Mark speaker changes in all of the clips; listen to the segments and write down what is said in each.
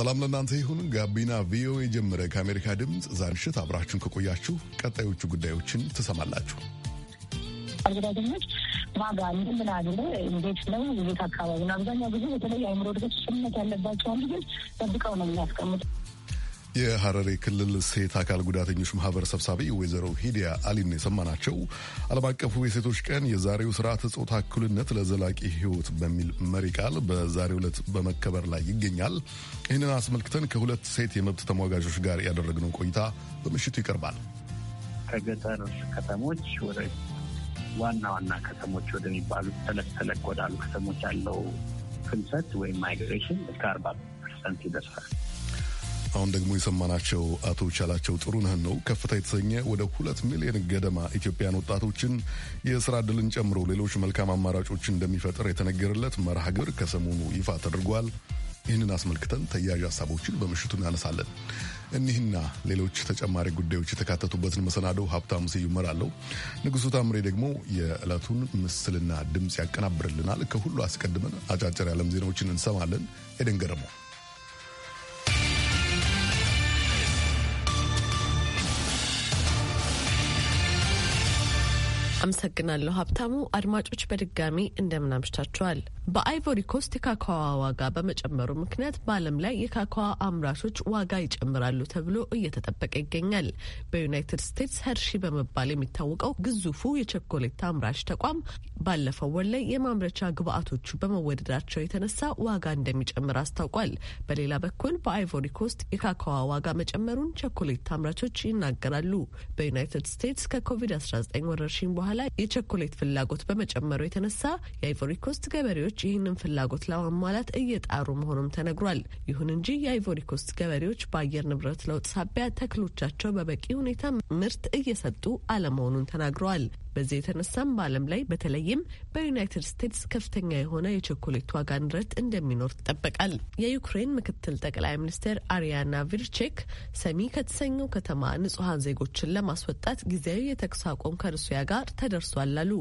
Speaker 1: ሰላም ለእናንተ ይሁን። ጋቢና ቪኦኤ ጀመረ። ከአሜሪካ ድምፅ ዛንሽት አብራችሁን ከቆያችሁ ቀጣዮቹ ጉዳዮችን ትሰማላችሁ።
Speaker 2: አልገዳደኞች ዋጋ ምን አሉ እንዴት ነው የቤት አካባቢ ነው። አብዛኛው ጊዜ በተለይ አእምሮ እድገት ስምነት ያለባቸው ልጆች ጠብቀው ነው የሚያስቀምጡ
Speaker 1: የሐረሪ ክልል ሴት አካል ጉዳተኞች ማህበር ሰብሳቢ ወይዘሮ ሂዲያ አሊን የሰማናቸው ዓለም አቀፉ የሴቶች ቀን የዛሬው ስርዓተ ጾታ እኩልነት ለዘላቂ ህይወት በሚል መሪ ቃል በዛሬው ዕለት በመከበር ላይ ይገኛል። ይህንን አስመልክተን ከሁለት ሴት የመብት ተሟጋቾች ጋር ያደረግነው ቆይታ በምሽቱ ይቀርባል።
Speaker 3: ከገጠር ከተሞች ወደ ዋና ዋና ከተሞች
Speaker 1: ወደሚባሉት
Speaker 3: ተለቅ ተለቅ ወዳሉ ከተሞች ያለው ፍልሰት ወይም ማይግሬሽን እስከ አርባ ፐርሰንት
Speaker 1: ይደርሳል። አሁን ደግሞ የሰማናቸው አቶ ቻላቸው ጥሩነህን ነው። ከፍታ የተሰኘ ወደ ሁለት ሚሊዮን ገደማ ኢትዮጵያን ወጣቶችን የስራ እድልን ጨምሮ ሌሎች መልካም አማራጮች እንደሚፈጥር የተነገረለት መርሃ ግብር ከሰሞኑ ይፋ ተደርጓል። ይህንን አስመልክተን ተያያዥ ሀሳቦችን በምሽቱ እናነሳለን። እኒህና ሌሎች ተጨማሪ ጉዳዮች የተካተቱበትን መሰናዶው ሀብታሙ ስዩም እመራለሁ። ንጉሱ ታምሬ ደግሞ የዕለቱን ምስልና ድምፅ ያቀናብርልናል። ከሁሉ አስቀድመን አጫጭር የዓለም ዜናዎችን እንሰማለን። ኤደን ገረመው
Speaker 4: አመሰግናለሁ ሀብታሙ። አድማጮች በድጋሚ እንደምናምሽታችኋል። በአይቮሪ ኮስት የካካዋ ዋጋ በመጨመሩ ምክንያት በዓለም ላይ የካካዋ አምራቾች ዋጋ ይጨምራሉ ተብሎ እየተጠበቀ ይገኛል። በዩናይትድ ስቴትስ ሀርሺ በመባል የሚታወቀው ግዙፉ የቸኮሌት አምራች ተቋም ባለፈው ወር ላይ የማምረቻ ግብአቶቹ በመወደዳቸው የተነሳ ዋጋ እንደሚጨምር አስታውቋል። በሌላ በኩል በአይቮሪ ኮስት የካካዋ ዋጋ መጨመሩን ቸኮሌት አምራቾች ይናገራሉ። በዩናይትድ ስቴትስ ከኮቪድ-19 ወረርሽኝ በኋላ በኋላ የቸኮሌት ፍላጎት በመጨመሩ የተነሳ የአይቮሪ ኮስት ገበሬዎች ይህንን ፍላጎት ለማሟላት እየጣሩ መሆኑም ተነግሯል። ይሁን እንጂ የአይቮሪ ኮስት ገበሬዎች በአየር ንብረት ለውጥ ሳቢያ ተክሎቻቸው በበቂ ሁኔታ ምርት እየሰጡ አለመሆኑን ተናግረዋል። በዚህ የተነሳም በዓለም ላይ በተለይም በዩናይትድ ስቴትስ ከፍተኛ የሆነ የቸኮሌት ዋጋ ንረት እንደሚኖር ይጠበቃል። የዩክሬን ምክትል ጠቅላይ ሚኒስትር አሪያና ቪርቼክ ሰሚ ከተሰኘው ከተማ ንጹሐን ዜጎችን ለማስወጣት ጊዜያዊ የተኩስ አቁም ከሩሲያ ጋር ተደርሷል አሉ።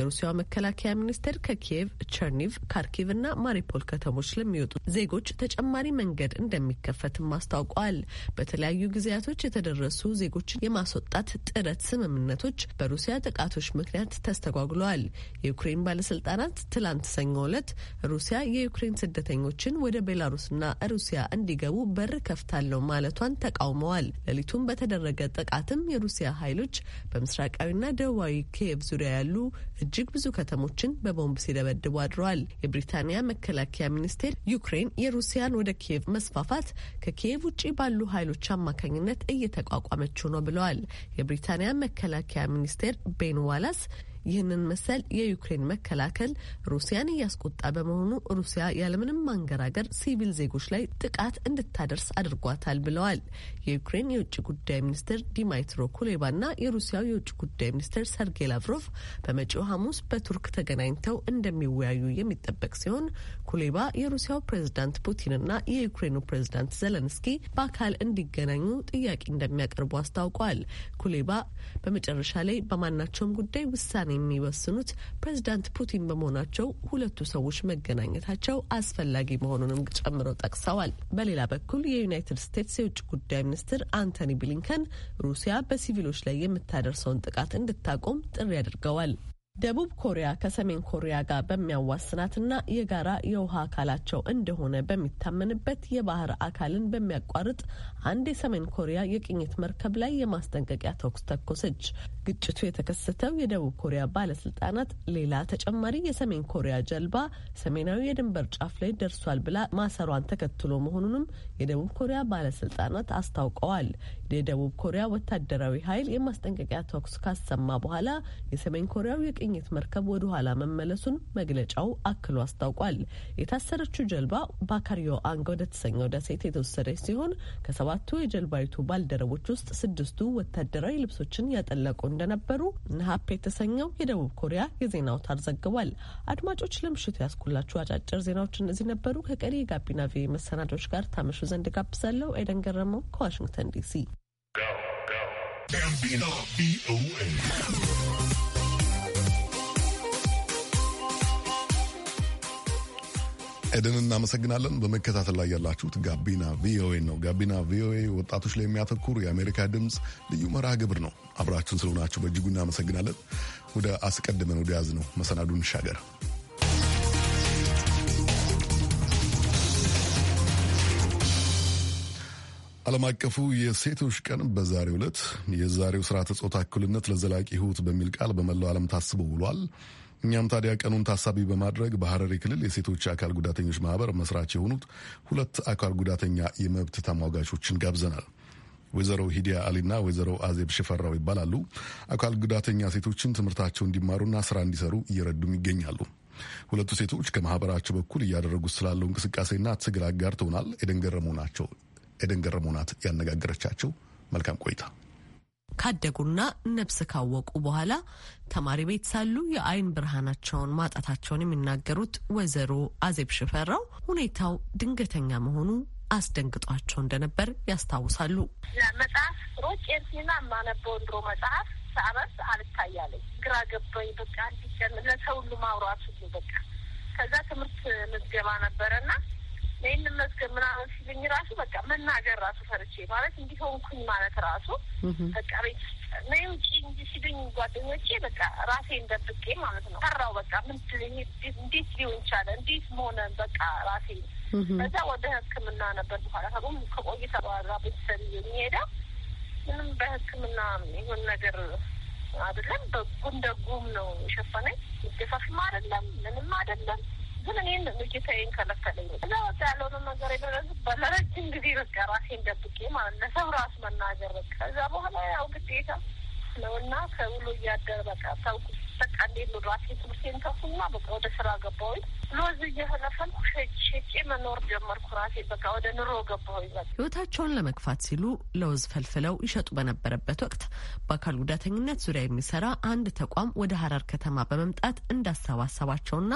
Speaker 4: የሩሲያ መከላከያ ሚኒስቴር ከኪየቭ፣ ቸርኒቭ፣ ካርኪቭ እና ማሪፖል ከተሞች ለሚወጡ ዜጎች ተጨማሪ መንገድ እንደሚከፈትም አስታውቀዋል። በተለያዩ ጊዜያቶች የተደረሱ ዜጎችን የማስወጣት ጥረት ስምምነቶች በሩሲያ ጥቃት ጥቃቶች ምክንያት ተስተጓጉለዋል። የዩክሬን ባለስልጣናት ትላንት ሰኞ እለት ሩሲያ የዩክሬን ስደተኞችን ወደ ቤላሩስና ሩሲያ እንዲገቡ በር ከፍታለው ማለቷን ተቃውመዋል። ሌሊቱም በተደረገ ጥቃትም የሩሲያ ኃይሎች በምስራቃዊና ደቡባዊ ኪየቭ ዙሪያ ያሉ እጅግ ብዙ ከተሞችን በቦምብ ሲደበድቡ አድረዋል። የብሪታንያ መከላከያ ሚኒስቴር ዩክሬን የሩሲያን ወደ ኪየቭ መስፋፋት ከኪየቭ ውጭ ባሉ ኃይሎች አማካኝነት እየተቋቋመችው ነው ብለዋል። የብሪታንያ መከላከያ ሚኒስቴር ቤን በኋላስ ይህንን መሰል የዩክሬን መከላከል ሩሲያን እያስቆጣ በመሆኑ ሩሲያ ያለምንም ማንገራገር ሲቪል ዜጎች ላይ ጥቃት እንድታደርስ አድርጓታል ብለዋል። የዩክሬን የውጭ ጉዳይ ሚኒስትር ዲማይትሮ ኩሌባና የሩሲያው የውጭ ጉዳይ ሚኒስትር ሰርጌይ ላቭሮቭ በመጪው ሐሙስ በቱርክ ተገናኝተው እንደሚወያዩ የሚጠበቅ ሲሆን ኩሌባ የሩሲያው ፕሬዝዳንት ፑቲንና የዩክሬኑ ፕሬዝዳንት ዘለንስኪ በአካል እንዲገናኙ ጥያቄ እንደሚያቀርቡ አስታውቋል። ኩሌባ በመጨረሻ ላይ በማናቸውም ጉዳይ ውሳኔ የሚወስኑት ፕሬዚዳንት ፑቲን በመሆናቸው ሁለቱ ሰዎች መገናኘታቸው አስፈላጊ መሆኑንም ጨምረው ጠቅሰዋል። በሌላ በኩል የዩናይትድ ስቴትስ የውጭ ጉዳይ ሚኒስትር አንቶኒ ብሊንከን ሩሲያ በሲቪሎች ላይ የምታደርሰውን ጥቃት እንድታቆም ጥሪ አድርገዋል። ደቡብ ኮሪያ ከሰሜን ኮሪያ ጋር በሚያዋስናትና የጋራ የውሃ አካላቸው እንደሆነ በሚታመንበት የባህር አካልን በሚያቋርጥ አንድ የሰሜን ኮሪያ የቅኝት መርከብ ላይ የማስጠንቀቂያ ተኩስ ተኮሰች። ግጭቱ የተከሰተው የደቡብ ኮሪያ ባለስልጣናት ሌላ ተጨማሪ የሰሜን ኮሪያ ጀልባ ሰሜናዊ የድንበር ጫፍ ላይ ደርሷል ብላ ማሰሯን ተከትሎ መሆኑንም የደቡብ ኮሪያ ባለስልጣናት አስታውቀዋል። የደቡብ ኮሪያ ወታደራዊ ኃይል የማስጠንቀቂያ ተኩስ ካሰማ በኋላ የሰሜን ኮሪያው የቅኝት መርከብ ወደ ኋላ መመለሱን መግለጫው አክሎ አስታውቋል። የታሰረችው ጀልባ ባካሪዮ አንገ ወደ ተሰኘው ደሴት የተወሰደች ሲሆን ከሰባቱ የጀልባይቱ ባልደረቦች ውስጥ ስድስቱ ወታደራዊ ልብሶችን ያጠለቁ እንደነበሩ ነሀፕ የተሰኘው የደቡብ ኮሪያ የዜና አውታር ዘግቧል። አድማጮች ለምሽቱ ያስኩላችሁ አጫጭር ዜናዎች እነዚህ ነበሩ። ከቀሪ የጋቢና ቪ መሰናዶች ጋር ታመሹ ዘንድ ጋብዛለሁ። ኤደን ገረመው ከዋሽንግተን ዲሲ
Speaker 1: ኤደን እናመሰግናለን። በመከታተል ላይ ያላችሁት ጋቢና ቪኦኤ ነው። ጋቢና ቪኦኤ ወጣቶች ላይ የሚያተኩር የአሜሪካ ድምፅ ልዩ መርሃ ግብር ነው። አብራችሁን ስለሆናችሁ በእጅጉ እናመሰግናለን። ወደ አስቀድመን ወደ ያዝ ነው መሰናዱ እንሻገር። ዓለም አቀፉ የሴቶች ቀን በዛሬው ዕለት የዛሬው ስርዓተ ጾታ እኩልነት ለዘላቂ ሕይወት በሚል ቃል በመላው ዓለም ታስቦ ውሏል። እኛም ታዲያ ቀኑን ታሳቢ በማድረግ በሐረሪ ክልል የሴቶች አካል ጉዳተኞች ማህበር መስራች የሆኑት ሁለት አካል ጉዳተኛ የመብት ተሟጋቾችን ጋብዘናል። ወይዘሮ ሂዲያ አሊና ወይዘሮ አዜብ ሽፈራው ይባላሉ። አካል ጉዳተኛ ሴቶችን ትምህርታቸው እንዲማሩና ስራ እንዲሰሩ እየረዱም ይገኛሉ። ሁለቱ ሴቶች ከማህበራቸው በኩል እያደረጉት ስላለው እንቅስቃሴና ትግል አጋርተውናል። ኤደን ገረሙ ናቸው። ኤደን ገረሙ ናት ያነጋገረቻቸው። መልካም ቆይታ
Speaker 4: ካደጉና ነብስ ካወቁ በኋላ ተማሪ ቤት ሳሉ የአይን ብርሃናቸውን ማጣታቸውን የሚናገሩት ወይዘሮ አዜብ ሽፈራው ሁኔታው ድንገተኛ መሆኑ አስደንግጧቸው እንደነበር ያስታውሳሉ።
Speaker 5: መጽሐፍ ሮጭ ኤርሲና የማነበው እንድሮ መጽሐፍ ሳበስ አልታያለኝ ግራ ገባኝ። በቃ እንዲቀን ለሰው ሁሉ ማውራት በቃ ከዛ ትምህርት ምዝገባ ነበረና ይህን መስገብ ምናምን ሲልኝ ራሱ በቃ መናገር ራሱ ፈርቼ ማለት እንዲሆንኩኝ ማለት ራሱ በቃ ቤት ነይም ውጪ እንጂ ሲሉኝ ጓደኞቼ በቃ ራሴን ደብቄ ማለት ነው ሰራው በቃ ምንድን እንዴት ሊሆን ይቻለ እንዴት መሆነ? በቃ ራሴን በዛ ወደ ሕክምና ነበር በኋላ ከቆም ከቆይታ በኋላ ቤተሰብ የሚሄዳ ምንም በሕክምና ይሁን ነገር አይደለም። በጉም ደጉም ነው የሸፈነኝ። ደፋሽም አይደለም ምንም አይደለም። ግን እኔ ልጅታዬን ከለከለኝ። እዛ ወጣ ያለውን ነገር የደረሱት በለረጅም ጊዜ በቃ ራሴን ደብቄ ማለት ለሰው ራስ መናገር በቃ እዛ በኋላ ያው ግዴታ ነው እና ከውሎ እያደር በቃ ታውቁ በቃ እንዴት ነው ራሴ ትምህርቴን ከፉና በቃ ወደ ስራ ገባሁኝ። ሎዝ እያረፈልኩ መኖር ጀመርኩ። ራሴ በቃ ወደ ኑሮ ገባሁ።
Speaker 4: ህይወታቸውን ለመግፋት ሲሉ ለውዝ ፈልፍለው ይሸጡ በነበረበት ወቅት በአካል ጉዳተኝነት ዙሪያ የሚሰራ አንድ ተቋም ወደ ሀረር ከተማ በመምጣት እንዳሰባሰባቸውና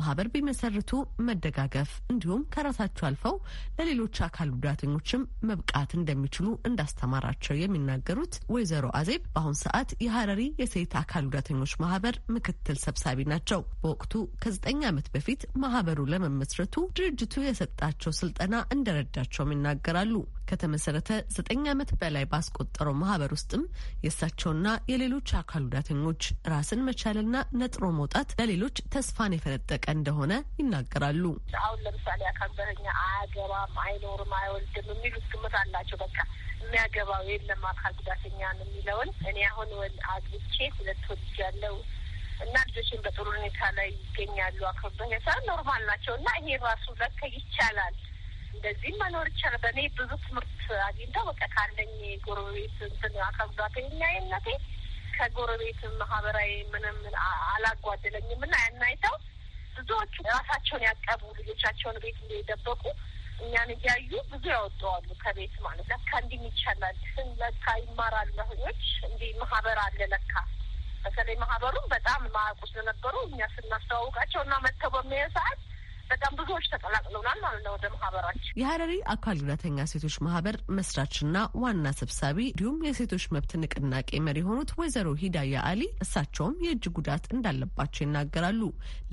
Speaker 4: ማህበር ቢመሰርቱ መደጋገፍ እንዲሁም ከራሳቸው አልፈው ለሌሎች አካል ጉዳተኞችም መብቃት እንደሚችሉ እንዳስተማራቸው የሚናገሩት ወይዘሮ አዜብ በአሁን ሰዓት የሀረሪ የሴት አካል ጉዳተኞች ማህበር ምክትል ሰብሳቢ ናቸው። በወቅቱ ከዘጠኝ ዓመት በፊት በፊት ማህበሩ ለመመስረቱ ድርጅቱ የሰጣቸው ስልጠና እንደረዳቸውም ይናገራሉ። ከተመሰረተ ዘጠኝ ዓመት በላይ ባስቆጠረው ማህበር ውስጥም የእሳቸውና የሌሎች አካል ጉዳተኞች ራስን መቻልና ነጥሮ መውጣት ለሌሎች ተስፋን የፈነጠቀ እንደሆነ ይናገራሉ።
Speaker 5: አሁን ለምሳሌ አካል ጉዳተኛ አያገባም፣ አይኖርም፣ አይወልድም የሚሉት ግምት አላቸው። በቃ የሚያገባው የለም አካል ጉዳተኛን የሚለውን እኔ አሁን አግብቼ ሁለት ወልጅ ያለው እና ልጆችን በጥሩ ሁኔታ ላይ ይገኛሉ። አክብበት የሰ ኖርማል ናቸው እና ይሄ ራሱ ለከ ይቻላል እንደዚህም መኖር ይቻላል። በእኔ ብዙ ትምህርት አግኝተው በቃ ካለኝ ጎረቤት እንትን አካል ጉዳተኛነቴ ከጎረቤት ማህበራዊ ምንም አላጓደለኝም እና ያን አይተው ብዙዎቹ ራሳቸውን ያቀቡ ልጆቻቸውን ቤት እንደደበቁ እኛን እያዩ ብዙ ያወጣዋሉ ከቤት ማለት ለካ እንዲህ ይቻላል፣ ለካ ይማራል፣ ለሆኞች እንዲህ ማህበር አለ ለካ በተለይ ማህበሩም በጣም ማያውቁ ስለነበሩ እኛ ስናስተዋውቃቸው እና መጥተው በሚያዩ ሰዓት በጣም ብዙዎች ተቀላቅለውናል ማለት ነው ወደ ማህበራችን።
Speaker 4: የሀረሪ አካል ጉዳተኛ ሴቶች ማህበር መስራችና ዋና ሰብሳቢ እንዲሁም የሴቶች መብት ንቅናቄ መሪ የሆኑት ወይዘሮ ሂዳያ አሊ እሳቸውም የእጅ ጉዳት እንዳለባቸው ይናገራሉ።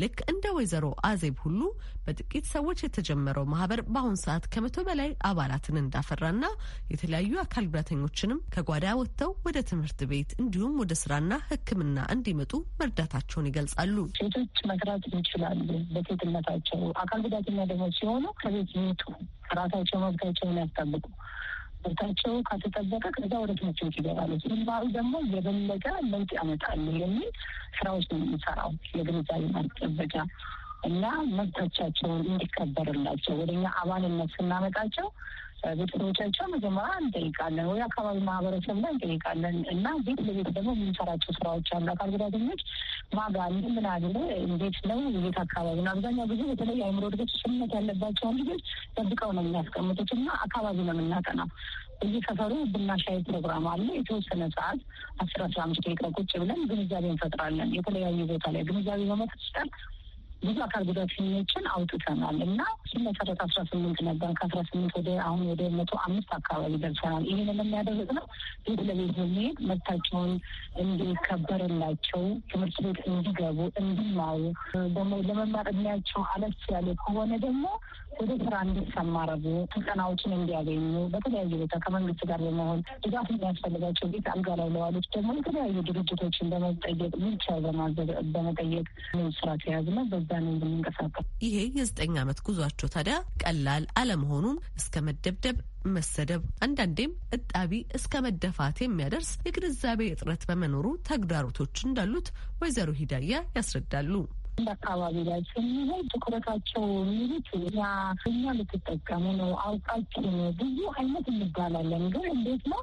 Speaker 4: ልክ እንደ ወይዘሮ አዜብ ሁሉ በጥቂት ሰዎች የተጀመረው ማህበር በአሁን ሰዓት ከመቶ በላይ አባላትን እንዳፈራና የተለያዩ አካል ጉዳተኞችንም ከጓዳ ወጥተው ወደ ትምህርት ቤት እንዲሁም ወደ ስራና ሕክምና እንዲመጡ መርዳታቸውን ይገልጻሉ። ሴቶች መስራት ይችላሉ። በሴትነታቸው አካል ጉዳተኛ ደግሞ ሲሆኑ ከቤት ይወጡ፣ ራሳቸው መብታቸውን
Speaker 2: ያስጠብቁ ትምህርታቸው ከተጠበቀ ከዛ ወደ ትምህርት ቤት ይገባሉ። ግንባሩ ደግሞ የበለጠ ለውጥ ያመጣሉ የሚል ስራዎች ነው የሚሰራው የግንዛቤ ማስጨበጫ እና መብቶቻቸውን እንዲከበርላቸው ወደኛ አባልነት ስናመጣቸው ቤተሰቦቻቸው መጀመሪያ እንጠይቃለን ወይ አካባቢ ማህበረሰብ ላይ እንጠይቃለን እና ቤት ለቤት ደግሞ የምንሰራቸው ስራዎች አሉ። አካል ጉዳተኞች ማጋሚ ምን አለ እንዴት ነው የቤት አካባቢ ነው። አብዛኛው ጊዜ በተለይ አእምሮ እድገት ውስንነት ያለባቸውን ልጆች ጠብቀው ነው የሚያስቀምጡት እና አካባቢ ነው የምናጠናው። እዚህ ሰፈሩ ቡና ሻይ ፕሮግራም አለ። የተወሰነ ሰዓት አስር አስራ አምስት ደቂቃ ቁጭ ብለን ግንዛቤ እንፈጥራለን። የተለያዩ ቦታ ላይ ግንዛቤ በመፍጠር ብዙ አካል ጉዳተኞችን አውጥተናል እና ሲመሰረት አስራ ስምንት ነበር ከአስራ ስምንት ወደ አሁን ወደ መቶ አምስት አካባቢ ደርሰናል። ይህንን የሚያደርግ ነው ቤት ለቤት በመሄድ መብታቸውን እንዲከበርላቸው ትምህርት ቤት እንዲገቡ እንዲማሩ ደግሞ ለመማር እድሜያቸው አለፍ ያለ ከሆነ ደግሞ ወደ ስራ እንዲሰማረቡ ስልጠናዎችን እንዲያገኙ በተለያዩ ቦታ ከመንግስት ጋር በመሆን ድጋፍ የሚያስፈልጋቸው ቤት አልጋ ላይ ደግሞ የተለያዩ ድርጅቶችን በመጠየቅ ምልቻ በመጠየቅ ስራ ተያዝ ነው። በዛ
Speaker 4: ነው የምንንቀሳቀስ። ይሄ የዘጠኝ ዓመት ጉዟቸው ታዲያ ቀላል አለመሆኑን እስከ መደብደብ መሰደብ አንዳንዴም እጣቢ እስከ መደፋት የሚያደርስ የግንዛቤ እጥረት በመኖሩ ተግዳሮቶች እንዳሉት ወይዘሮ ሂዳያ ያስረዳሉ። እንደ አካባቢ ላይ ስንሆን ትኩረታቸው የሚሉት ያ እኛ ልትጠቀሙ ነው አውቃችን
Speaker 2: ብዙ አይነት እንባላለን። ግን እንዴት ነው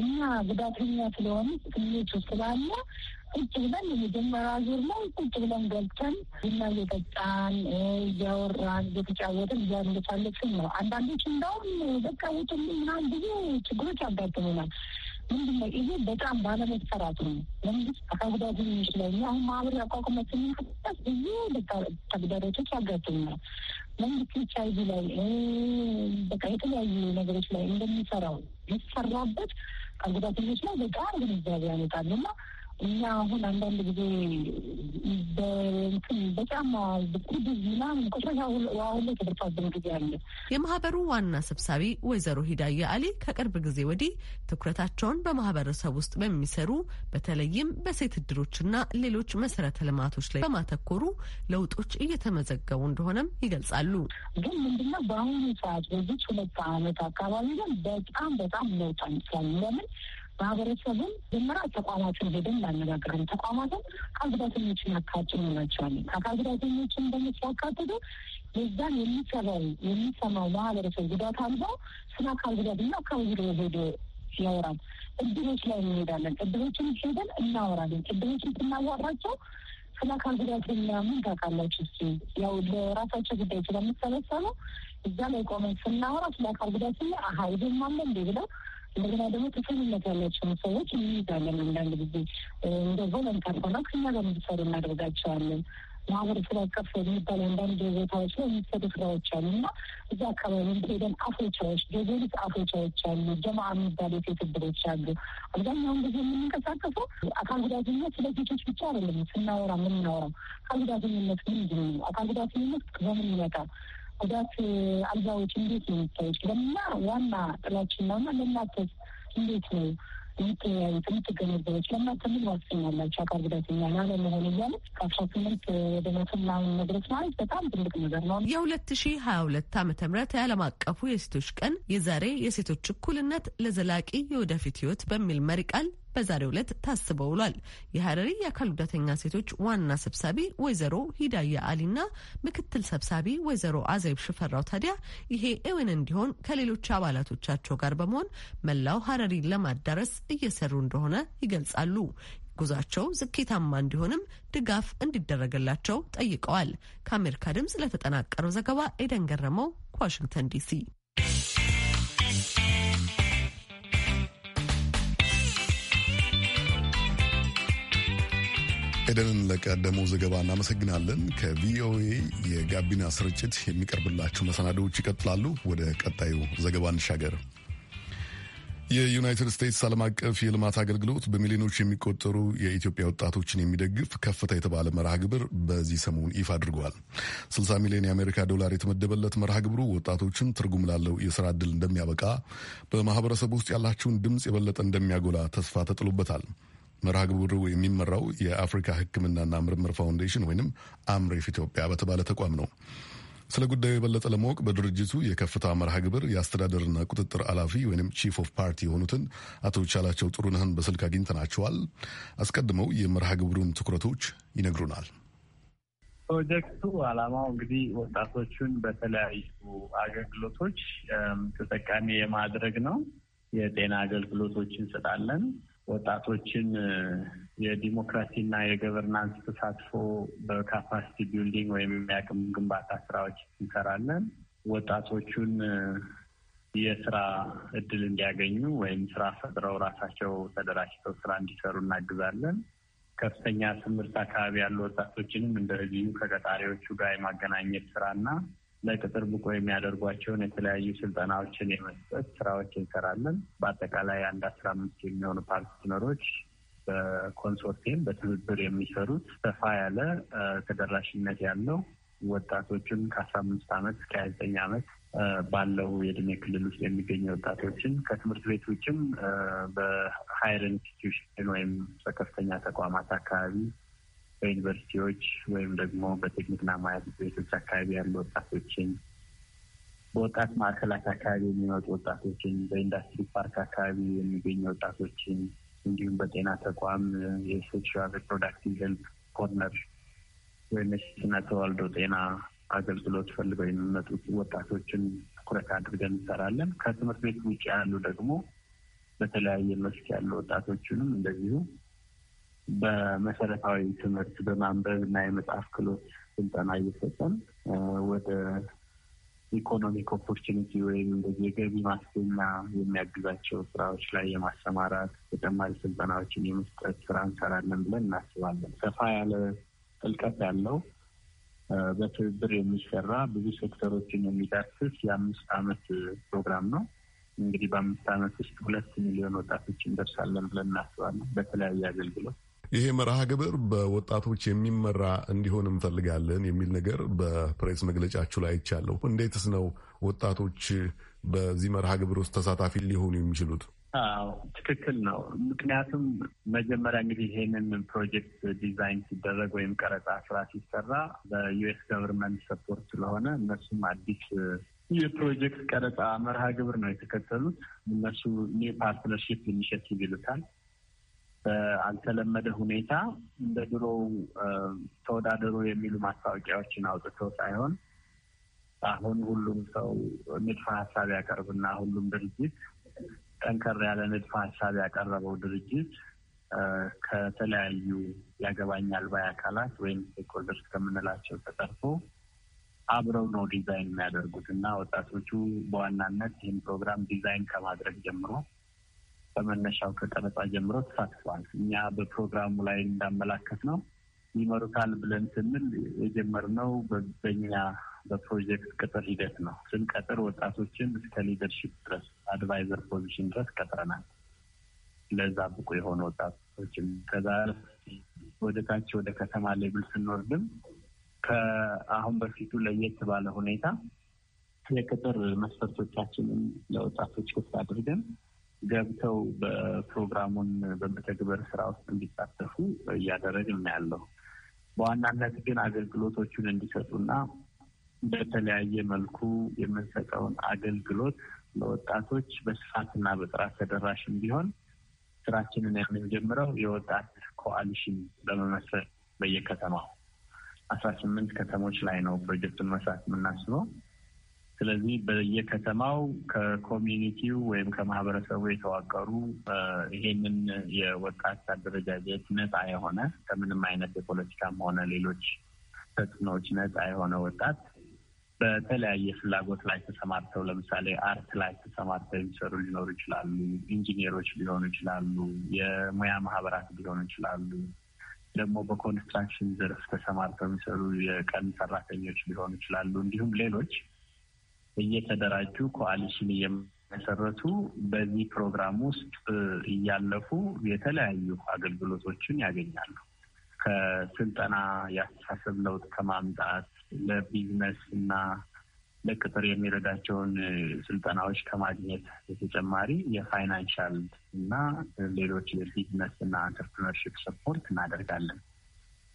Speaker 2: እኛ ጉዳተኛ ስለሆነ ስሜቱ ስላለ ቁጭ ብለን የመጀመሪያ ዙር ላይ ቁጭ ብለን ገብተን ቡና እየጠጣን እያወራን እየተጫወትን እያንደሳለችን ነው። አንዳንዶች እንደውም በቃ ውጡልን ምናምን ብዙ ችግሮች ያጋጥሙናል። ምንድነው ይሄ በጣም ባለመሰራቱ ነው። መንግስት አካል ጉዳት ይችላል አሁን ማህበር ያቋቁመት ስናበት ብዙ ተግዳሮቶች ያጋጥሙናል። መንግስት ኤች አይ ላይ በቃ የተለያዩ ነገሮች ላይ እንደሚሰራው ሊሰራበት አካል ጉዳተኞች ላይ በጣም ግንዛቤ ያመጣል
Speaker 4: እና እና አሁን አንዳንድ ጊዜ በጫማ ብቁድ ምናምን ቆሻሻ አሁን ላይ ተደፋብን ጊዜ አለ። የማህበሩ ዋና ሰብሳቢ ወይዘሮ ሂዳያ አሊ ከቅርብ ጊዜ ወዲህ ትኩረታቸውን በማህበረሰብ ውስጥ በሚሰሩ በተለይም በሴት እድሮችና ሌሎች መሰረተ ልማቶች ላይ በማተኮሩ ለውጦች እየተመዘገቡ እንደሆነም ይገልጻሉ። ግን ምንድነው በአሁኑ ሰዓት በዚች ሁለት አመት
Speaker 2: አካባቢ ግን በጣም በጣም ለውጥ አንስላል ለምን ማህበረሰቡም ጀምራ ተቋማትን ሄደን ላነጋግረን ተቋማትን አካል ጉዳተኞችን ያካቸው ናቸዋለን። አካል ጉዳተኞችን በምስ ያካትቱ የዛን የሚሰራው የሚሰማው ማህበረሰብ ጉዳት አልባው ስለ አካል ጉዳትና አካል ጉዳት ሄዶ ያወራል። እድሮች ላይ እንሄዳለን። እድሮችን ሄደን እናወራለን። እድሮችን ስናዋራቸው ስለ አካል ጉዳተኛ ምን ታውቃላችሁ? እሱ ያው ለራሳቸው ጉዳይ ስለሚሰበሰበው እዛ ላይ ቆመን ስናወራ ስለ አካል ጉዳተኛ አሀይድም አለ እንዴ ብለው እንደገና ደግሞ ተሰሚነት ያላቸውን ሰዎች እንይዛለን። አንዳንድ ጊዜ እንደ ቮለንተር ሆነው ከኛ ጋር እንዲሰሩ እናደርጋቸዋለን። ማህበረሰብ አቀፍ የሚባል አንዳንድ ቦታዎች ላይ የሚሰሩ ስራዎች አሉ እና እዛ አካባቢ ሄደን አፍሮቻዎች፣ የሌሊት አፍሮቻዎች አሉ፣ ጀማ የሚባሉ የሴት ዕድሮች አሉ። አብዛኛውን ጊዜ የምንንቀሳቀሰው አካል ጉዳተኝነት ስለ ሴቶች ብቻ አይደለም ስናወራ የምናወራው አካል ጉዳተኝነት ምንድን ነው? አካል ጉዳተኝነት በምን ይመጣል? ጉዳት አልባዎች እንዴት ነው የምታዩት? ለማ ዋና ጥላችን ነውና ለእናንተስ እንዴት ነው የምትያዩት የምትገነዘበች? ለእናንተ
Speaker 4: ምን ዋስትና ያላቸው አካል ጉዳተኛ ላለመሆን እያለ ከአስራ ስምንት ወደ መቶ ምናምን መድረስ ማለት በጣም ትልቅ ነገር ነው። የሁለት ሺ ሀያ ሁለት አመተ ምህረት የዓለም አቀፉ የሴቶች ቀን የዛሬ የሴቶች እኩልነት ለዘላቂ የወደፊት ህይወት በሚል መሪ ቃል በዛሬው ዕለት ታስቦ ውሏል። የሀረሪ የአካል ጉዳተኛ ሴቶች ዋና ሰብሳቢ ወይዘሮ ሂዳያ አሊና ምክትል ሰብሳቢ ወይዘሮ አዘይብ ሽፈራው ታዲያ ይሄ እውን እንዲሆን ከሌሎች አባላቶቻቸው ጋር በመሆን መላው ሀረሪ ለማዳረስ እየሰሩ እንደሆነ ይገልጻሉ። ጉዟቸው ስኬታማ እንዲሆንም ድጋፍ እንዲደረግላቸው ጠይቀዋል። ከአሜሪካ ድምፅ ለተጠናቀረው ዘገባ ኤደን ገረመው ከዋሽንግተን ዲሲ
Speaker 1: ኤደንን ለቀደመው ዘገባ እናመሰግናለን። ከቪኦኤ የጋቢና ስርጭት የሚቀርብላችሁ መሰናዶዎች ይቀጥላሉ። ወደ ቀጣዩ ዘገባ እንሻገር። የዩናይትድ ስቴትስ ዓለም አቀፍ የልማት አገልግሎት በሚሊዮኖች የሚቆጠሩ የኢትዮጵያ ወጣቶችን የሚደግፍ ከፍታ የተባለ መርሃ ግብር በዚህ ሰሞን ይፋ አድርገዋል። 60 ሚሊዮን የአሜሪካ ዶላር የተመደበለት መርሃ ግብሩ ወጣቶችን ትርጉም ላለው የስራ ዕድል እንደሚያበቃ፣ በማህበረሰብ ውስጥ ያላቸውን ድምፅ የበለጠ እንደሚያጎላ ተስፋ ተጥሎበታል። መርሃ ግብሩ የሚመራው የአፍሪካ ሕክምናና ምርምር ፋውንዴሽን ወይም አምሬፍ ኢትዮጵያ በተባለ ተቋም ነው። ስለ ጉዳዩ የበለጠ ለማወቅ በድርጅቱ የከፍታ መርሃ ግብር የአስተዳደርና ቁጥጥር ኃላፊ ወይም ቺፍ ኦፍ ፓርቲ የሆኑትን አቶ ቻላቸው ጥሩነህን በስልክ አግኝተናቸዋል። አስቀድመው የመርሃ ግብሩን ትኩረቶች ይነግሩናል።
Speaker 3: ፕሮጀክቱ ዓላማው እንግዲህ ወጣቶቹን በተለያዩ አገልግሎቶች ተጠቃሚ የማድረግ ነው። የጤና አገልግሎቶች እንሰጣለን። ወጣቶችን የዲሞክራሲና የገቨርናንስ ተሳትፎ በካፓሲቲ ቢልዲንግ ወይም የአቅም ግንባታ ስራዎች እንሰራለን። ወጣቶቹን የስራ እድል እንዲያገኙ ወይም ስራ ፈጥረው ራሳቸው ተደራጅተው ስራ እንዲሰሩ እናግዛለን። ከፍተኛ ትምህርት አካባቢ ያሉ ወጣቶችንም እንደዚሁ ከቀጣሪዎቹ ጋር የማገናኘት ስራና ለቅጥር ብቁ የሚያደርጓቸውን የተለያዩ ስልጠናዎችን የመስጠት ስራዎች እንሰራለን። በአጠቃላይ አንድ አስራ አምስት የሚሆኑ ፓርትነሮች በኮንሶርቲየም በትብብር የሚሰሩት ሰፋ ያለ ተደራሽነት ያለው ወጣቶችን ከአስራ አምስት ዓመት እስከ ሀያ ዘጠኝ ዓመት ባለው የእድሜ ክልል ውስጥ የሚገኙ ወጣቶችን ከትምህርት ቤት ውጭም በሀይር ኢንስቲትዩሽን ወይም በከፍተኛ ተቋማት አካባቢ በዩኒቨርሲቲዎች ወይም ደግሞ በቴክኒክና ሙያ ቤቶች አካባቢ ያሉ ወጣቶችን፣ በወጣት ማዕከላት አካባቢ የሚመጡ ወጣቶችን፣ በኢንዱስትሪ ፓርክ አካባቢ የሚገኙ ወጣቶችን እንዲሁም በጤና ተቋም የሴክሹዋል ሪፕሮዳክቲቭ ሄልት ኮርነር ወይም የሴትና ተዋልዶ ጤና አገልግሎት ፈልገው የሚመጡ ወጣቶችን ትኩረት አድርገን እንሰራለን። ከትምህርት ቤት ውጭ ያሉ ደግሞ በተለያየ መስክ ያሉ ወጣቶችንም እንደዚሁ በመሰረታዊ ትምህርት በማንበብ እና የመጽሐፍ ክሎት ስልጠና እየሰጠን ወደ ኢኮኖሚክ ኦፖርቹኒቲ ወይም የገቢ ማስገኛ የሚያግዛቸው ስራዎች ላይ የማሰማራት ተጨማሪ ስልጠናዎችን የመስጠት ስራ እንሰራለን ብለን እናስባለን። ሰፋ ያለ ጥልቀት ያለው በትብብር የሚሰራ ብዙ ሴክተሮችን የሚዳስስ የአምስት አመት ፕሮግራም ነው። እንግዲህ በአምስት አመት ውስጥ ሁለት ሚሊዮን ወጣቶች እንደርሳለን ብለን እናስባለን በተለያየ
Speaker 1: አገልግሎት ይሄ መርሃ ግብር በወጣቶች የሚመራ እንዲሆን እንፈልጋለን የሚል ነገር በፕሬስ መግለጫችሁ ላይ ይቻለሁ። እንዴትስ ነው ወጣቶች በዚህ መርሃ ግብር ውስጥ ተሳታፊ ሊሆኑ የሚችሉት?
Speaker 3: ትክክል ነው። ምክንያቱም መጀመሪያ እንግዲህ ይሄንን ፕሮጀክት ዲዛይን ሲደረግ ወይም ቀረጻ ስራ ሲሰራ በዩኤስ ገቨርንመንት ሰፖርት ስለሆነ እነሱም አዲስ የፕሮጀክት ቀረጻ መርሃ ግብር ነው የተከተሉት። እነሱ ኒው ፓርትነርሽፕ ኢኒሽቲቭ ይሉታል። በአልተለመደ ሁኔታ እንደ ድሮው ተወዳደሩ የሚሉ ማስታወቂያዎችን አውጥቶ ሳይሆን አሁን ሁሉም ሰው ንድፈ ሀሳብ ያቀርብና ሁሉም ድርጅት ጠንከር ያለ ንድፈ ሀሳብ ያቀረበው ድርጅት ከተለያዩ ያገባኛል ባይ አካላት ወይም ስቴክሆልደርስ ከምንላቸው ተጠርፎ አብረው ነው ዲዛይን የሚያደርጉት እና ወጣቶቹ በዋናነት ይህን ፕሮግራም ዲዛይን ከማድረግ ጀምሮ በመነሻው ከቀረጻ ጀምሮ ተሳትፏል። እኛ በፕሮግራሙ ላይ እንዳመላከት ነው ይመሩታል ብለን ስንል የጀመርነው በኛ በፕሮጀክት ቅጥር ሂደት ነው። ስንቀጥር ወጣቶችን እስከ ሊደርሽፕ ድረስ አድቫይዘር ፖዚሽን ድረስ ቀጥረናል። ለዛ ብቁ የሆኑ ወጣቶችን ከዛ ወደ ታች ወደ ከተማ ሌብል ስንወርድም ከአሁን በፊቱ ለየት ባለ ሁኔታ የቅጥር መስፈርቶቻችንን ለወጣቶች ክፍት አድርገን ገብተው በፕሮግራሙን በመተግበር ስራ ውስጥ እንዲሳተፉ እያደረግን ነው ያለው። በዋናነት ግን አገልግሎቶቹን እንዲሰጡና በተለያየ መልኩ የምንሰጠውን አገልግሎት ለወጣቶች በስፋትና በጥራት ተደራሽ ቢሆን ስራችንን የምንጀምረው የወጣት ኮአሊሽን በመመስረት በየከተማው አስራ ስምንት ከተሞች ላይ ነው ፕሮጀክቱን መስራት የምናስበው። ስለዚህ በየከተማው ከኮሚኒቲው ወይም ከማህበረሰቡ የተዋቀሩ ይሄንን የወጣት አደረጃጀት ነጻ የሆነ ከምንም አይነት የፖለቲካም ሆነ ሌሎች ተጽዕኖዎች ነጻ የሆነ ወጣት በተለያየ ፍላጎት ላይ ተሰማርተው ለምሳሌ አርት ላይ ተሰማርተው የሚሰሩ ሊኖሩ ይችላሉ። ኢንጂኒሮች ሊሆኑ ይችላሉ። የሙያ ማህበራት ሊሆኑ ይችላሉ። ደግሞ በኮንስትራክሽን ዘርፍ ተሰማርተው የሚሰሩ የቀን ሰራተኞች ሊሆኑ ይችላሉ። እንዲሁም ሌሎች እየተደራጁ ኮአሊሽን እየመሰረቱ በዚህ ፕሮግራም ውስጥ እያለፉ የተለያዩ አገልግሎቶችን ያገኛሉ። ከስልጠና የአስተሳሰብ ለውጥ ከማምጣት ለቢዝነስ እና ለቅጥር የሚረዳቸውን ስልጠናዎች ከማግኘት በተጨማሪ የፋይናንሻል እና ሌሎች የቢዝነስ እና አንትርፕነርሽፕ ሰፖርት እናደርጋለን።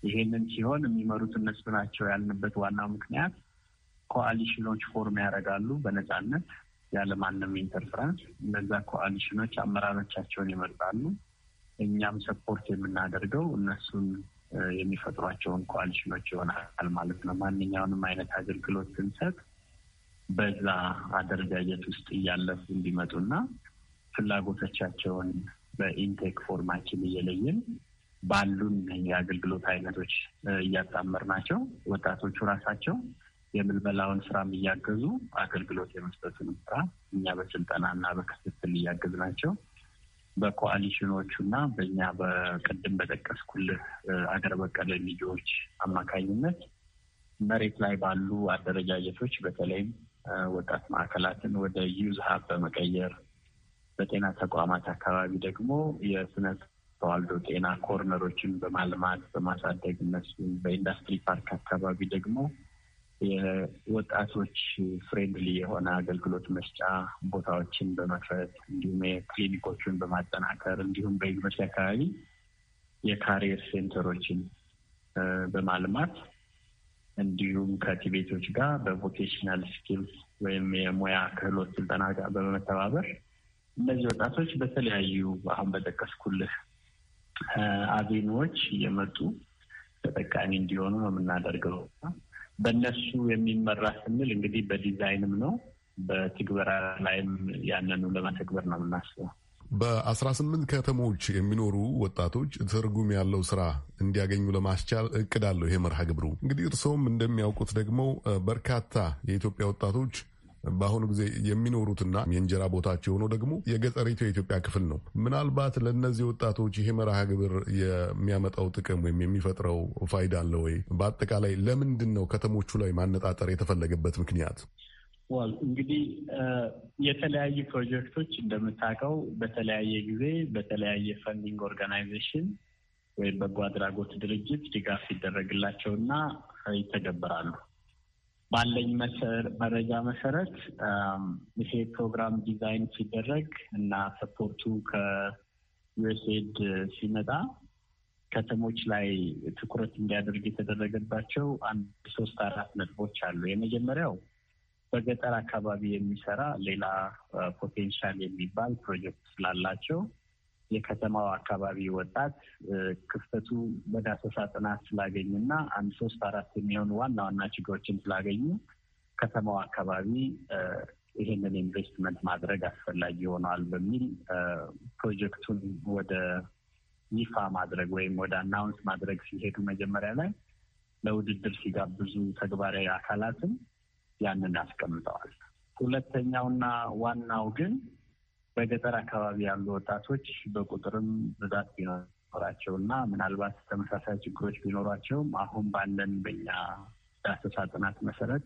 Speaker 3: ይሄንን ሲሆን የሚመሩት እነሱ ናቸው ያልንበት ዋናው ምክንያት ኮአሊሽኖች ፎርም ያደርጋሉ በነጻነት ያለማንም ኢንተርፍራንስ። እነዛ ኮአሊሽኖች አመራሮቻቸውን ይመርጣሉ። እኛም ሰፖርት የምናደርገው እነሱን የሚፈጥሯቸውን ኮአሊሽኖች ይሆናል ማለት ነው። ማንኛውንም አይነት አገልግሎት ስንሰጥ በዛ አደረጃጀት ውስጥ እያለፉ እንዲመጡና ፍላጎቶቻቸውን በኢንቴክ ፎርማችን እየለየን ባሉን የአገልግሎት አይነቶች እያጣመር ናቸው ወጣቶቹ ራሳቸው የምልመላውን ስራም እያገዙ አገልግሎት የመስጠትን ስራ እኛ በስልጠና እና በክትትል ናቸው። በኮአሊሽኖቹ እና በእኛ በቅድም በጠቀስኩልህ አገር በቀል ልጆች አማካኝነት መሬት ላይ ባሉ አደረጃጀቶች በተለይም ወጣት ማዕከላትን ወደ ዩዝ ሀብ በመቀየር በጤና ተቋማት አካባቢ ደግሞ የስነ ተዋልዶ ጤና ኮርነሮችን በማልማት በማሳደግ እነሱ በኢንዱስትሪ ፓርክ አካባቢ ደግሞ የወጣቶች ፍሬንድሊ የሆነ አገልግሎት መስጫ ቦታዎችን በመፈት እንዲሁም የክሊኒኮችን በማጠናከር እንዲሁም በዩኒቨርሲቲ አካባቢ የካሪየር ሴንተሮችን በማልማት እንዲሁም ከቲቤቶች ጋር በቮኬሽናል ስኪልስ ወይም የሙያ ክህሎት ስልጠና ጋር በመተባበር እነዚህ ወጣቶች በተለያዩ አሁን በጠቀስኩልህ አቬኒዎች እየመጡ ተጠቃሚ እንዲሆኑ ነው የምናደርገው። በእነሱ የሚመራ ስንል እንግዲህ በዲዛይንም ነው በትግበራ ላይም ያንኑ ለመተግበር
Speaker 1: ነው የምናስበው። በአስራ ስምንት ከተሞች የሚኖሩ ወጣቶች ትርጉም ያለው ስራ እንዲያገኙ ለማስቻል እቅድ አለው ይሄ መርሃ ግብሩ። እንግዲህ እርስዎም እንደሚያውቁት ደግሞ በርካታ የኢትዮጵያ ወጣቶች በአሁኑ ጊዜ የሚኖሩትና የእንጀራ ቦታቸው የሆነው ደግሞ የገጠሪቱ የኢትዮጵያ ክፍል ነው። ምናልባት ለእነዚህ ወጣቶች ይሄ መርሃ ግብር የሚያመጣው ጥቅም ወይም የሚፈጥረው ፋይዳ አለ ወይ? በአጠቃላይ ለምንድን ነው ከተሞቹ ላይ ማነጣጠር የተፈለገበት ምክንያት?
Speaker 3: እንግዲህ የተለያዩ ፕሮጀክቶች እንደምታውቀው በተለያየ ጊዜ በተለያየ ፈንዲንግ ኦርጋናይዜሽን ወይም በጎ አድራጎት ድርጅት ድጋፍ ይደረግላቸውና ይተገበራሉ። ባለኝ መረጃ መሰረት ይሄ ፕሮግራም ዲዛይን ሲደረግ እና ሰፖርቱ ከዩኤስኤድ ሲመጣ ከተሞች ላይ ትኩረት እንዲያደርግ የተደረገባቸው አንድ ሶስት አራት ነጥቦች አሉ። የመጀመሪያው በገጠር አካባቢ የሚሰራ ሌላ ፖቴንሻል የሚባል ፕሮጀክት ስላላቸው የከተማው አካባቢ ወጣት ክፍተቱ በዳሰሳ ጥናት ስላገኙና አንድ ሶስት አራት የሚሆኑ ዋና ዋና ችግሮችን ስላገኙ ከተማው አካባቢ ይሄንን ኢንቨስትመንት ማድረግ አስፈላጊ ሆኗል በሚል ፕሮጀክቱን ወደ ይፋ ማድረግ ወይም ወደ አናውንስ ማድረግ ሲሄዱ መጀመሪያ ላይ ለውድድር ሲጋብዙ ተግባራዊ አካላትን ያንን አስቀምጠዋል። ሁለተኛውና ዋናው ግን በገጠር አካባቢ ያሉ ወጣቶች በቁጥርም ብዛት ቢኖራቸው እና ምናልባት ተመሳሳይ ችግሮች ቢኖሯቸውም አሁን ባለን በኛ ዳሰሳ ጥናት መሰረት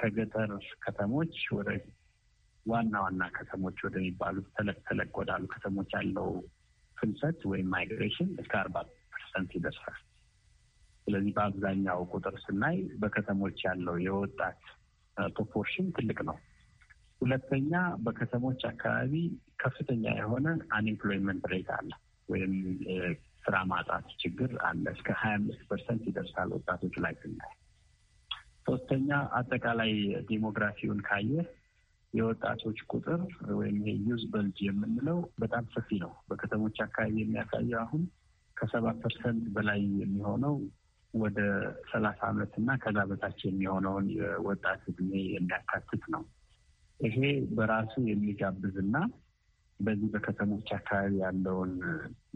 Speaker 3: ከገጠር ከተሞች ወደ ዋና ዋና ከተሞች ወደሚባሉት ተለቅ ተለቅ ወዳሉ ከተሞች ያለው ፍልሰት ወይም ማይግሬሽን እስከ አርባ ፐርሰንት ይደርሳል። ስለዚህ በአብዛኛው ቁጥር ስናይ በከተሞች ያለው የወጣት ፕሮፖርሽን ትልቅ ነው። ሁለተኛ በከተሞች አካባቢ ከፍተኛ የሆነ አንኤምፕሎይመንት ሬት አለ ወይም ስራ ማጣት ችግር አለ። እስከ ሀያ አምስት ፐርሰንት ይደርሳል ወጣቶች ላይ ስናይ። ሶስተኛ አጠቃላይ ዴሞግራፊውን ካየ የወጣቶች ቁጥር ወይም ዩዝ በልጅ የምንለው በጣም ሰፊ ነው። በከተሞች አካባቢ የሚያሳየው አሁን ከሰባ ፐርሰንት በላይ የሚሆነው ወደ ሰላሳ አመት እና ከዛ በታች የሚሆነውን ወጣት እድሜ የሚያካትት ነው። ይሄ በራሱ የሚጋብዝና በዚህ በከተሞች አካባቢ ያለውን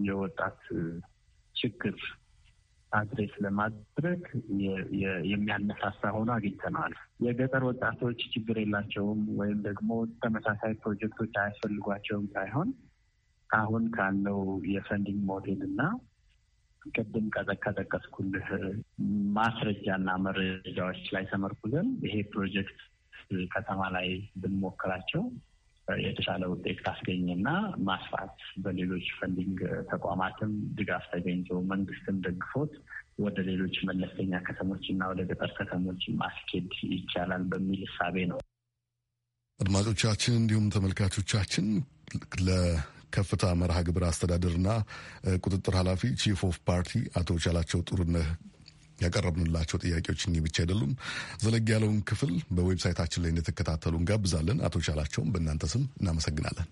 Speaker 3: የወጣት ችግር አድሬስ ለማድረግ የሚያነሳሳ ሆኖ አግኝተነዋል። የገጠር ወጣቶች ችግር የላቸውም ወይም ደግሞ ተመሳሳይ ፕሮጀክቶች አያስፈልጓቸውም ሳይሆን አሁን ካለው የፈንዲንግ ሞዴል እና ቅድም ከጠቀስኩልህ ማስረጃና መረጃዎች ላይ ተመርኩዘን ይሄ ፕሮጀክት ከተማ ላይ ብንሞክራቸው የተሻለ ውጤት ካስገኘና ማስፋት በሌሎች ፈንዲንግ ተቋማትም ድጋፍ ተገኝቶ መንግስትም ደግፎት ወደ ሌሎች መለስተኛ ከተሞች እና ወደ ገጠር ከተሞች ማስኬድ ይቻላል በሚል እሳቤ ነው።
Speaker 1: አድማጮቻችን እንዲሁም ተመልካቾቻችን ለከፍታ መርሃ ግብር አስተዳደርና ቁጥጥር ኃላፊ ቺፍ ኦፍ ፓርቲ አቶ ቻላቸው ጥሩነህ ያቀረብንላቸው ጥያቄዎች እኚህ ብቻ አይደሉም። ዘለግ ያለውን ክፍል በዌብሳይታችን ላይ እንደተከታተሉ እንጋብዛለን። አቶ ቻላቸውም በእናንተ ስም እናመሰግናለን።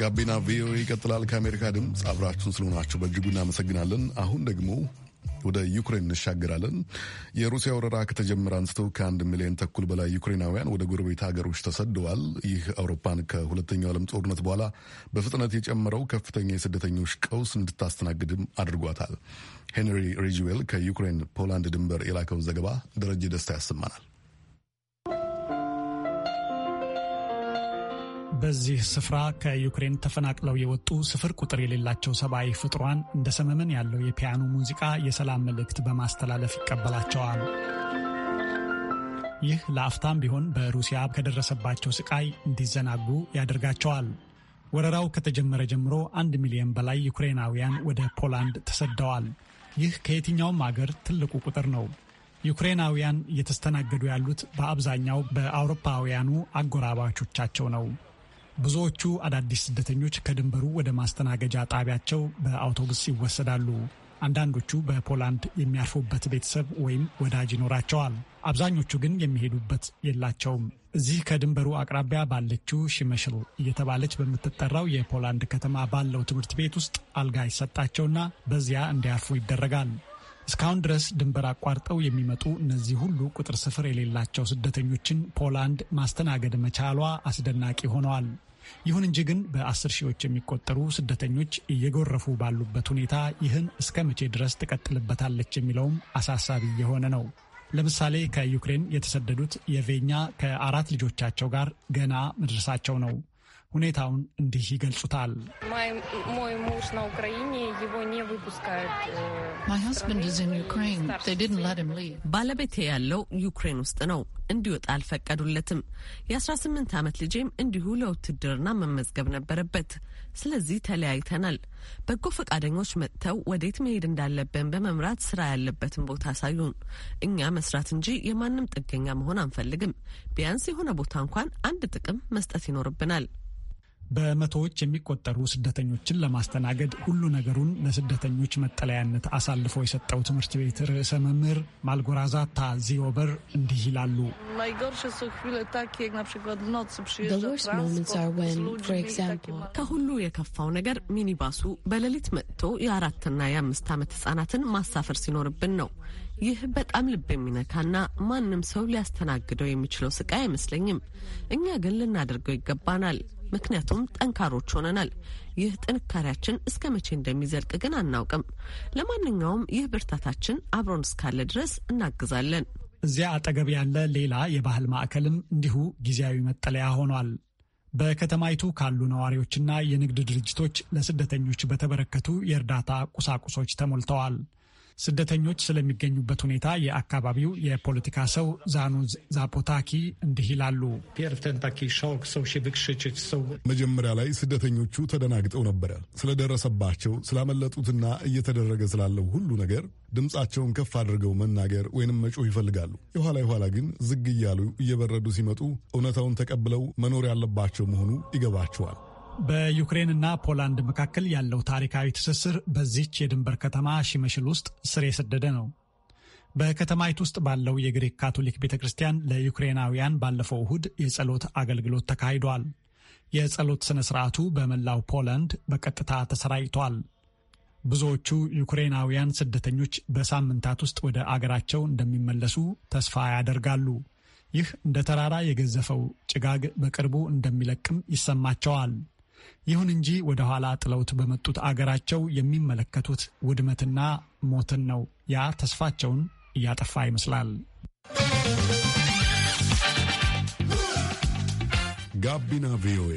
Speaker 1: ጋቢና ቪኦኤ ይቀጥላል። ከአሜሪካ ድምፅ አብራችሁን ስለሆናችሁ በእጅጉ እናመሰግናለን። አሁን ደግሞ ወደ ዩክሬን እንሻገራለን። የሩሲያ ወረራ ከተጀመረ አንስቶ ከአንድ ሚሊዮን ተኩል በላይ ዩክሬናውያን ወደ ጎረቤት ሀገሮች ተሰደዋል። ይህ አውሮፓን ከሁለተኛው ዓለም ጦርነት በኋላ በፍጥነት የጨመረው ከፍተኛ የስደተኞች ቀውስ እንድታስተናግድም አድርጓታል። ሄንሪ ሪጅዌል ከዩክሬን ፖላንድ ድንበር የላከውን ዘገባ ደረጀ ደስታ ያሰማናል።
Speaker 6: በዚህ ስፍራ ከዩክሬን ተፈናቅለው የወጡ ስፍር ቁጥር የሌላቸው ሰብአዊ ፍጥሯን እንደ ሰመመን ያለው የፒያኖ ሙዚቃ የሰላም መልእክት በማስተላለፍ ይቀበላቸዋል። ይህ ለአፍታም ቢሆን በሩሲያ ከደረሰባቸው ስቃይ እንዲዘናጉ ያደርጋቸዋል። ወረራው ከተጀመረ ጀምሮ አንድ ሚሊዮን በላይ ዩክሬናውያን ወደ ፖላንድ ተሰደዋል። ይህ ከየትኛውም አገር ትልቁ ቁጥር ነው። ዩክሬናውያን እየተስተናገዱ ያሉት በአብዛኛው በአውሮፓውያኑ አጎራባቾቻቸው ነው። ብዙዎቹ አዳዲስ ስደተኞች ከድንበሩ ወደ ማስተናገጃ ጣቢያቸው በአውቶቡስ ይወሰዳሉ። አንዳንዶቹ በፖላንድ የሚያርፉበት ቤተሰብ ወይም ወዳጅ ይኖራቸዋል። አብዛኞቹ ግን የሚሄዱበት የላቸውም። እዚህ ከድንበሩ አቅራቢያ ባለችው ሽመሽል እየተባለች በምትጠራው የፖላንድ ከተማ ባለው ትምህርት ቤት ውስጥ አልጋ ይሰጣቸውና በዚያ እንዲያርፉ ይደረጋል። እስካሁን ድረስ ድንበር አቋርጠው የሚመጡ እነዚህ ሁሉ ቁጥር ስፍር የሌላቸው ስደተኞችን ፖላንድ ማስተናገድ መቻሏ አስደናቂ ሆነዋል። ይሁን እንጂ ግን በአስር ሺዎች የሚቆጠሩ ስደተኞች እየጎረፉ ባሉበት ሁኔታ ይህን እስከ መቼ ድረስ ትቀጥልበታለች የሚለውም አሳሳቢ የሆነ ነው። ለምሳሌ ከዩክሬን የተሰደዱት የቬኛ ከአራት ልጆቻቸው ጋር ገና መድረሳቸው ነው። ሁኔታውን እንዲህ ይገልጹታል።
Speaker 4: э, ባለቤቴ ያለው ዩክሬን ውስጥ ነው። እንዲወጣ አልፈቀዱለትም። የ18 ዓመት ልጄም እንዲሁ ለውትድርና መመዝገብ ነበረበት። ስለዚህ ተለያይተናል። በጎ ፈቃደኞች መጥተው ወዴት መሄድ እንዳለብን በመምራት ስራ ያለበትን ቦታ አሳዩን። እኛ መስራት እንጂ የማንም ጥገኛ መሆን አንፈልግም። ቢያንስ የሆነ ቦታ እንኳን አንድ ጥቅም መስጠት ይኖርብናል። በመቶዎች
Speaker 6: የሚቆጠሩ ስደተኞችን ለማስተናገድ ሁሉ ነገሩን ለስደተኞች መጠለያነት አሳልፎ የሰጠው ትምህርት ቤት ርዕሰ መምህር ማልጎራዛታ ዚዮበር እንዲህ ይላሉ።
Speaker 4: ከሁሉ የከፋው ነገር ሚኒባሱ በሌሊት መጥቶ የአራትና የአምስት ዓመት ህጻናትን ማሳፈር ሲኖርብን ነው። ይህ በጣም ልብ የሚነካና ማንም ሰው ሊያስተናግደው የሚችለው ስቃይ አይመስለኝም። እኛ ግን ልናደርገው ይገባናል፣ ምክንያቱም ጠንካሮች ሆነናል። ይህ ጥንካሬያችን እስከ መቼ እንደሚዘልቅ ግን አናውቅም። ለማንኛውም ይህ ብርታታችን አብሮን እስካለ ድረስ እናግዛለን። እዚያ አጠገብ ያለ ሌላ የባህል
Speaker 6: ማዕከልም እንዲሁ ጊዜያዊ መጠለያ ሆኗል። በከተማይቱ ካሉ ነዋሪዎችና የንግድ ድርጅቶች ለስደተኞች በተበረከቱ የእርዳታ ቁሳቁሶች ተሞልተዋል። ስደተኞች ስለሚገኙበት ሁኔታ የአካባቢው የፖለቲካ ሰው ዛኑ ዛፖታኪ
Speaker 1: እንዲህ ይላሉ። መጀመሪያ ላይ ስደተኞቹ ተደናግጠው ነበረ። ስለደረሰባቸው ስላመለጡትና እየተደረገ ስላለው ሁሉ ነገር ድምፃቸውን ከፍ አድርገው መናገር ወይንም መጮህ ይፈልጋሉ። የኋላ የኋላ ግን ዝግ እያሉ እየበረዱ ሲመጡ እውነታውን ተቀብለው መኖር ያለባቸው መሆኑ ይገባቸዋል።
Speaker 6: በዩክሬንና ፖላንድ መካከል ያለው ታሪካዊ ትስስር በዚች የድንበር ከተማ ሽመሽል ውስጥ ስር የሰደደ ነው። በከተማይቱ ውስጥ ባለው የግሪክ ካቶሊክ ቤተ ክርስቲያን ለዩክሬናውያን ባለፈው እሁድ የጸሎት አገልግሎት ተካሂዷል። የጸሎት ሥነ ሥርዓቱ በመላው ፖላንድ በቀጥታ ተሰራጭቷል። ብዙዎቹ ዩክሬናውያን ስደተኞች በሳምንታት ውስጥ ወደ አገራቸው እንደሚመለሱ ተስፋ ያደርጋሉ። ይህ እንደ ተራራ የገዘፈው ጭጋግ በቅርቡ እንደሚለቅም ይሰማቸዋል። ይሁን እንጂ ወደ ኋላ ጥለውት በመጡት አገራቸው የሚመለከቱት ውድመትና ሞትን ነው። ያ ተስፋቸውን እያጠፋ ይመስላል።
Speaker 1: ጋቢና ቪኦኤ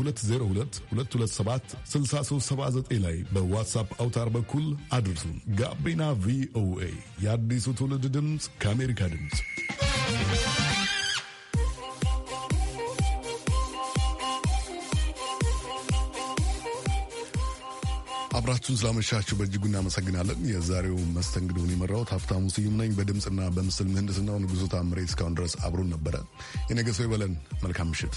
Speaker 1: በ2022276379 ላይ በዋትሳፕ አውታር በኩል አድርሱን። ጋቢና ቪኦኤ የአዲሱ ትውልድ ድምፅ ከአሜሪካ ድምፅ አብራችሁን ስላመሻችሁ በእጅጉ እናመሰግናለን። የዛሬው መስተንግዶን የመራሁት ሀብታሙ ስዩም ነኝ። በድምፅና በምስል ምህንድስናው ንጉሡ ታምሬ እስካሁን ድረስ አብሮን ነበረ። የነገ ሰው ይበለን። መልካም ምሽት።